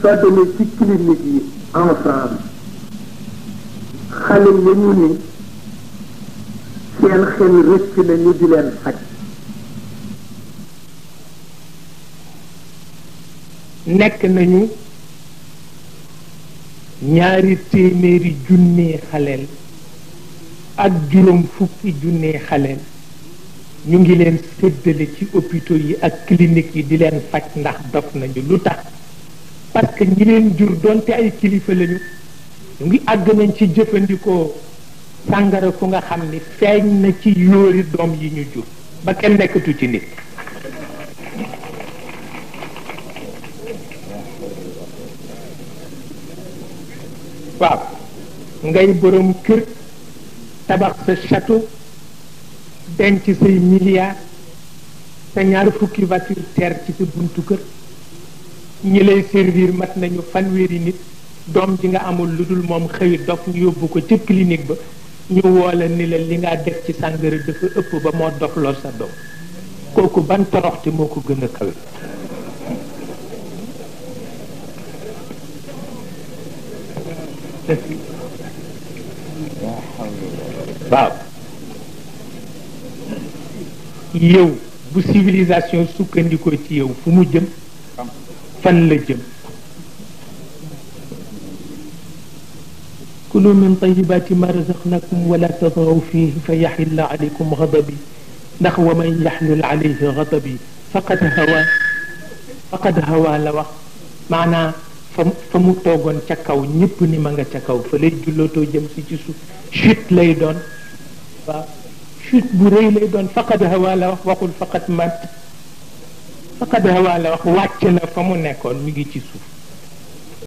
soo demee ci clinique yi en xale yañu ni seen xel rëcc na di leen faj nekk nañu ñaari téeméeri junnee xaleel ak juróom fukki junnee xaleel ñu ngi leen séddale ci hôpitaux yi ak clinique yi di leen faj ndax dof nañu lu tax parce que jur donte ay kilifa lañu mu ngi àgg nañ ci jëfandikoo sàngara ku nga xam ni feeñ na ci yóori doom yi ñu jur ba kenn nekkatu ci nit waaw ngay borom kër tabax sa château denc say milliards sa ñaar fukki voiture ci sa buntu kër ñi lay mat nañu fanweeri nit doom ji nga amul lu dul moom xëy dof ñu yóbbu ko ca clinique ba ñu woola ni la li nga def ci sàngara dafa ëpp ba moo dof lool sa doom kooku ban toroxte moo ko gën a kawe waaw yow bu civilisation sukkandikoo ci yow fu mu jëm fan كلوا من طيبات ما رزقناكم ولا تطغوا فيه فيحل عليكم غضبي نحو من يحلل عليه غضبي فقد هوى فقد هوى لو معنى فمو توغون تا كاو نيب ني ماغا تا كاو فلي جولوتو جيم سي سي سوف شوت لاي دون شوت بو ري لاي دون فقد هوى لو وقل فقد مات faqad hawaa la wàcc na fa mu nekkoon mi ngi ci suuf